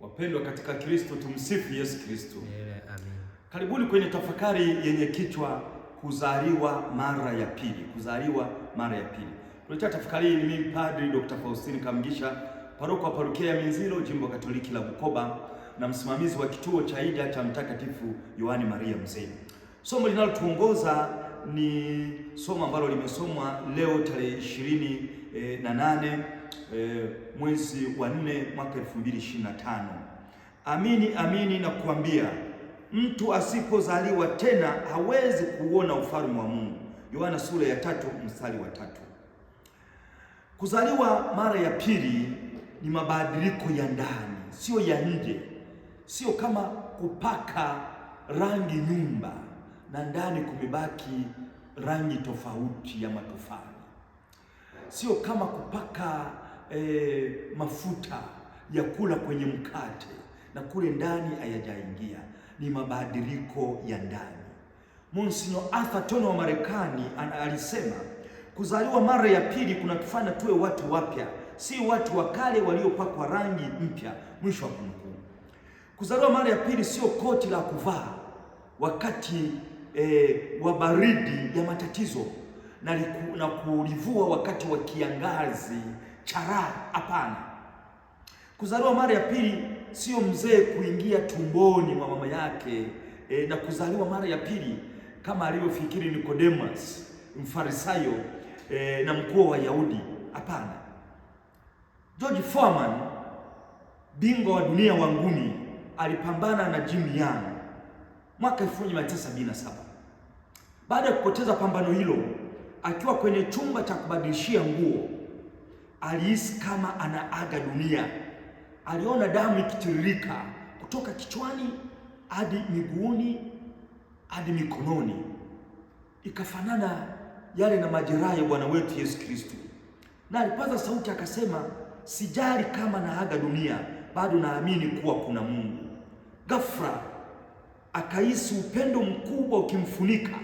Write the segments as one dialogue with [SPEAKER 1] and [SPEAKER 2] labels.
[SPEAKER 1] Wapendwa katika Kristo, tumsifu Yesu Kristo. Yeah, Karibuni kwenye tafakari yenye kichwa kuzaliwa mara ya pili, kuzaliwa mara ya pili. Tuletea tafakari hii ni mimi Padri Dr. Faustin Kamugisha, paroko wa parokia ya Minziro, jimbo Katoliki la Bukoba na msimamizi wa kituo cha Ida cha Mtakatifu Yohani Maria Mzee. Somo linalotuongoza ni somo ambalo limesomwa leo tarehe ishirini eh, na nane e, mwezi wa nne mwaka 2025. Amini amini kuambia mtu asipozaliwa tena hawezi kuona ufalme wa Mungu. Yohana sura ya tatu mstari wa tatu. Kuzaliwa mara ya pili ni mabadiliko ya ndani, sio ya nje, sio kama kupaka rangi nyumba na ndani kumebaki rangi tofauti ya matofali sio kama kupaka e, mafuta ya kula kwenye mkate na kule ndani hayajaingia, ni mabadiliko ya ndani. Monsignor Arthur Tono wa Marekani alisema kuzaliwa mara ya pili kunatufanya tuwe watu wapya, si watu wa kale waliopakwa rangi mpya. Mwisho wa kunukuu. Kuzaliwa mara ya pili sio koti la kuvaa wakati e, wa baridi ya matatizo na, liku, na kulivua wakati wa kiangazi chara. Hapana, kuzaliwa mara ya pili sio mzee kuingia tumboni mwa mama yake e, na kuzaliwa mara ya pili kama alivyofikiri Nikodemus Mfarisayo e, na mkuu wa Wayahudi. Hapana, George Foreman bingwa wa dunia wa ngumi alipambana na Jim Young mwaka 1977. Baada ya kupoteza pambano hilo akiwa kwenye chumba cha kubadilishia nguo alihisi kama anaaga dunia. Aliona damu ikitiririka kutoka kichwani hadi miguuni hadi mikononi, ikafanana yale na majeraha ya Bwana wetu Yesu Kristo. Na alipaza sauti akasema, sijali kama naaga dunia, bado naamini kuwa kuna Mungu. Ghafla akahisi upendo mkubwa ukimfunika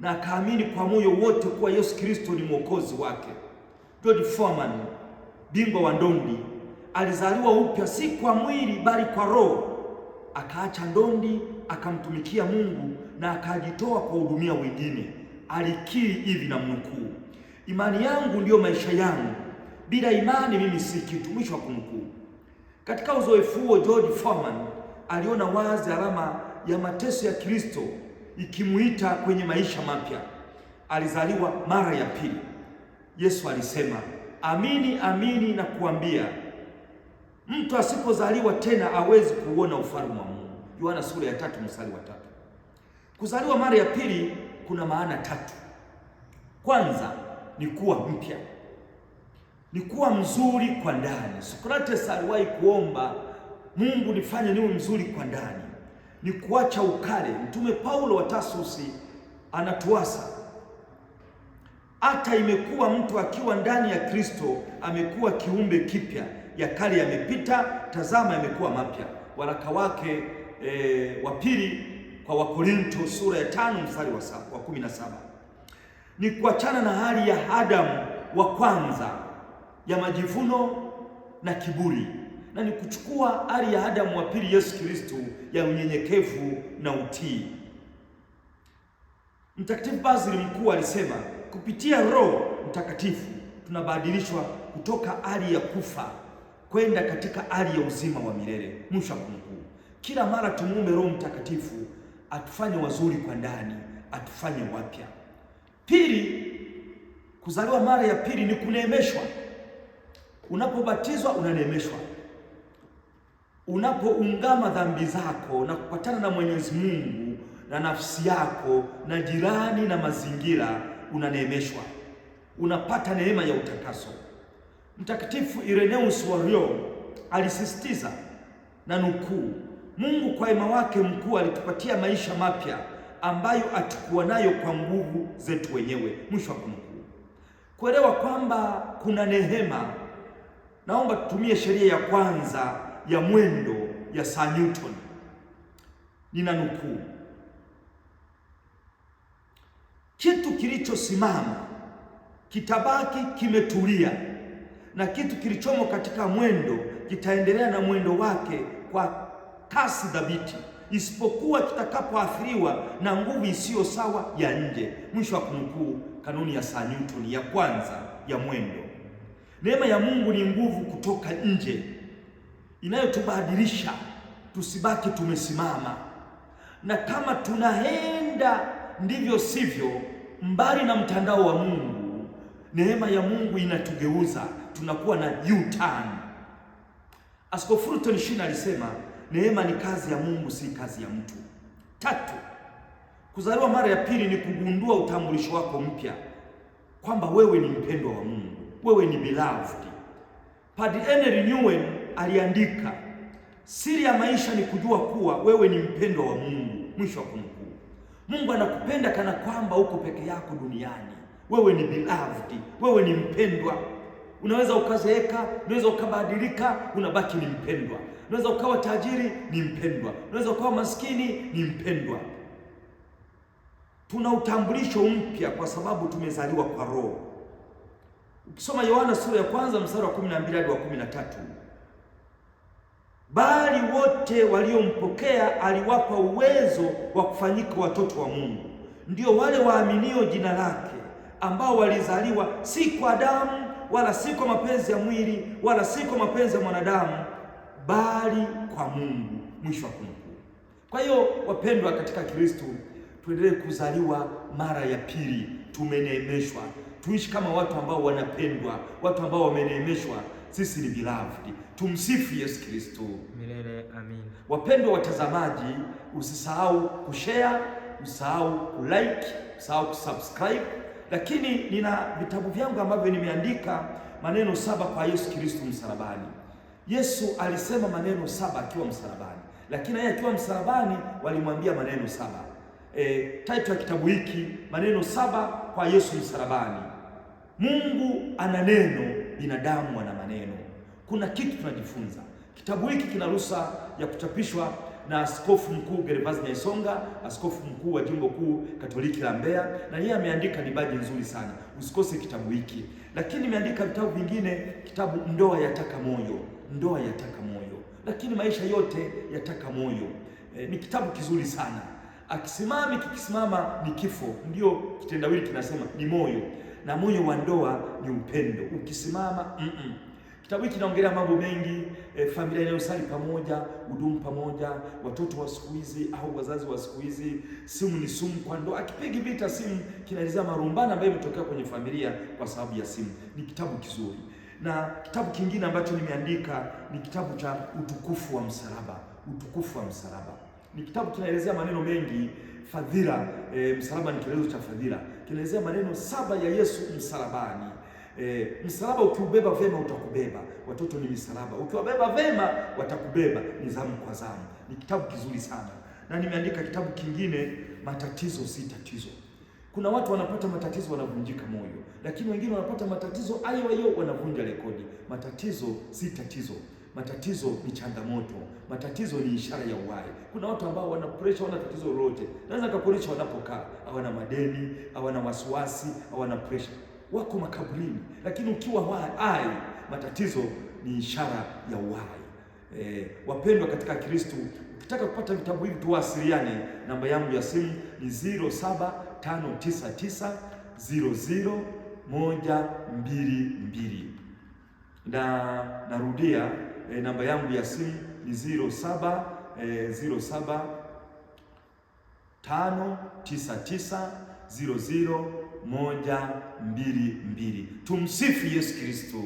[SPEAKER 1] na akaamini kwa moyo wote kuwa Yesu Kristo ni mwokozi wake. George Foreman, bingwa wa ndondi, alizaliwa upya si kwa mwili bali kwa roho. Akaacha ndondi, akamtumikia Mungu na akajitoa kuwahudumia wengine. Alikiri hivi na mnukuu, imani yangu ndiyo maisha yangu, bila imani mimi si kitu. Mwisho wa kumnukuu. Katika uzoefu huo George Foreman aliona wazi alama ya mateso ya Kristo ikimuita kwenye maisha mapya. Alizaliwa mara ya pili. Yesu alisema, amini amini na kuambia mtu asipozaliwa tena hawezi kuuona ufalme wa Mungu. Yohana sura ya tatu mstari wa tatu. Kuzaliwa mara ya pili kuna maana tatu. Kwanza ni kuwa mpya, ni kuwa mzuri kwa ndani. Sokrates aliwahi kuomba Mungu, nifanye niwe mzuri kwa ndani ni kuacha ukale. Mtume Paulo wa Tarsusi anatuasa, hata imekuwa mtu akiwa ndani ya Kristo amekuwa kiumbe kipya, ya kale yamepita, tazama yamekuwa mapya. Waraka wake e, wa pili kwa Wakorinto sura ya tano mstari wa kumi na saba ni kuachana na hali ya Adamu wa kwanza ya majivuno na kiburi na ni kuchukua hali ya Adamu wa pili Yesu Kristo ya unyenyekevu na utii. Mtakatifu Basil mkuu alisema, kupitia Roho Mtakatifu tunabadilishwa kutoka hali ya kufa kwenda katika hali ya uzima wa milele. Mwisho kumkuu kila mara tumuume Roho Mtakatifu atufanye wazuri kwa ndani, atufanye wapya. Pili, kuzaliwa mara ya pili ni kuneemeshwa. Unapobatizwa unaneemeshwa unapoungama dhambi zako na kupatana na Mwenyezi Mungu na nafsi yako na jirani na mazingira, unaneemeshwa, unapata neema ya utakaso. Mtakatifu Ireneus wa Lyon alisisitiza na nukuu, Mungu kwa wema wake mkuu alitupatia maisha mapya ambayo atakuwa nayo kwa nguvu zetu wenyewe. Mwisho wa kunukuu. Kuelewa kwamba kuna neema, naomba tutumie sheria ya kwanza ya mwendo ya Sir Newton. Nina nukuu, kitu kilichosimama kitabaki kimetulia, na kitu kilichomo katika mwendo kitaendelea na mwendo wake kwa kasi dhabiti, isipokuwa kitakapoathiriwa na nguvu isiyo sawa ya nje. Mwisho wa kunukuu. Kanuni ya saa Newton ya kwanza ya mwendo. Neema ya Mungu ni nguvu kutoka nje inayotubadilisha tusibaki tumesimama, na kama tunaenda ndivyo sivyo mbali na mtandao wa Mungu, neema ya Mungu inatugeuza, tunakuwa na U-turn. Askofu Fulton Sheen alisema neema ni kazi ya Mungu, si kazi ya mtu. Tatu, kuzaliwa mara ya pili ni kugundua utambulisho wako mpya, kwamba wewe ni mpendwa wa Mungu, wewe ni beloved. Padre Henry Newman aliandika, siri ya maisha ni kujua kuwa wewe ni mpendwa wa Mungu. Mwisho wa kumkuu, Mungu anakupenda kana kwamba uko peke yako duniani. Wewe ni beloved, wewe ni mpendwa. Unaweza ukazeeka, unaweza ukabadilika, unabaki ni mpendwa. Unaweza ukawa tajiri, ni mpendwa. Unaweza ukawa maskini, ni mpendwa. Tuna utambulisho mpya kwa sababu tumezaliwa kwa Roho. Ukisoma Yohana sura ya kwanza mstari wa 12 hadi wa 13 bali wote waliompokea aliwapa uwezo wa kufanyika watoto wa Mungu, ndio wale waaminio jina lake, ambao walizaliwa si kwa damu wala si kwa mapenzi ya mwili wala si kwa mapenzi ya mwanadamu, bali kwa Mungu. Mwisho wa kunukuu. Kwa hiyo, wapendwa katika Kristo, tuendelee kuzaliwa mara ya pili, tumeneemeshwa, tuishi kama watu ambao wanapendwa, watu ambao wameneemeshwa sisi ni beloved. Tumsifu Yesu Kristo
[SPEAKER 2] milele, amin.
[SPEAKER 1] Wapendwa watazamaji, usisahau kushare, usisahau kulike, usisahau kusubscribe, lakini nina vitabu vyangu ambavyo nimeandika maneno saba kwa Yesu Kristo msalabani. Yesu alisema maneno saba akiwa msalabani, lakini yeye akiwa msalabani walimwambia maneno saba. E, title ya kitabu hiki maneno saba kwa Yesu msalabani. Mungu ana neno binadamu wana maneno. Kuna kitu tunajifunza. Kitabu hiki kina ruhusa ya kuchapishwa na askofu mkuu Gervas Nyaisonga, askofu mkuu wa jimbo kuu Katoliki la Mbeya, na yeye ameandika ni baji nzuri sana, usikose kitabu hiki. Lakini ameandika vitabu vingine, kitabu ndoa yataka moyo, ndoa yataka moyo, lakini maisha yote yataka moyo. E, ni kitabu kizuri sana. Akisimami kikisimama ni kifo, ndio kitendawili kinasema ni moyo na moyo wa ndoa ni upendo. Ukisimama mm -mm. Kitabu hiki kinaongelea mambo mengi e, familia inayosali pamoja, udumu pamoja, watoto wa siku hizi au wazazi wa siku hizi. Simu ni sumu kwa ndoa, akipigi vita simu. Kinaelezea marumbano ambayo imetokea kwenye familia kwa sababu ya simu. Ni kitabu kizuri, na kitabu kingine ambacho nimeandika ni kitabu cha utukufu wa msalaba. Utukufu wa msalaba ni kitabu kinaelezea maneno mengi fadhila. E, msalaba ni kielelezo cha fadhila, kielezea maneno saba ya Yesu msalabani. E, msalaba ukiubeba vema utakubeba. Watoto ni misalaba, ukiwabeba vema watakubeba. Ni zamu kwa zamu, ni kitabu kizuri sana, na nimeandika kitabu kingine, matatizo si tatizo. Kuna watu wanapata matatizo wanavunjika moyo, lakini wengine wanapata matatizo ayo ayo wanavunja rekodi. Matatizo si tatizo. Matatizo ni changamoto, matatizo ni ishara ya uhai. Kuna watu ambao wana pressure, wana tatizo lolote, naweza kakurisha wanapokaa, hawana madeni, hawana wasiwasi, hawana pressure, wako makaburini. Lakini ukiwa hai, matatizo ni ishara ya uhai. E, wapendwa katika Kristo, ukitaka kupata vitabu hivi tuwasiliane. Namba yangu ya simu ni mbili mbili na narudia e, namba yangu ya simu ni 07 e, 07 5 99 00 moja mbili mbili. Tumsifu Yesu Kristo.